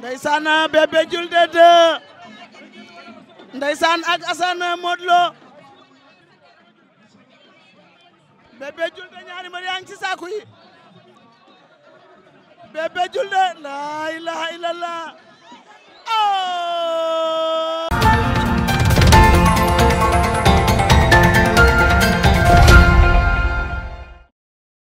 ndeysaan bébé julde de ndeysaan ak Assane Modou Lo bébé julde ñaari mbër yaa ngi yi bébé julde laay ilaha illallah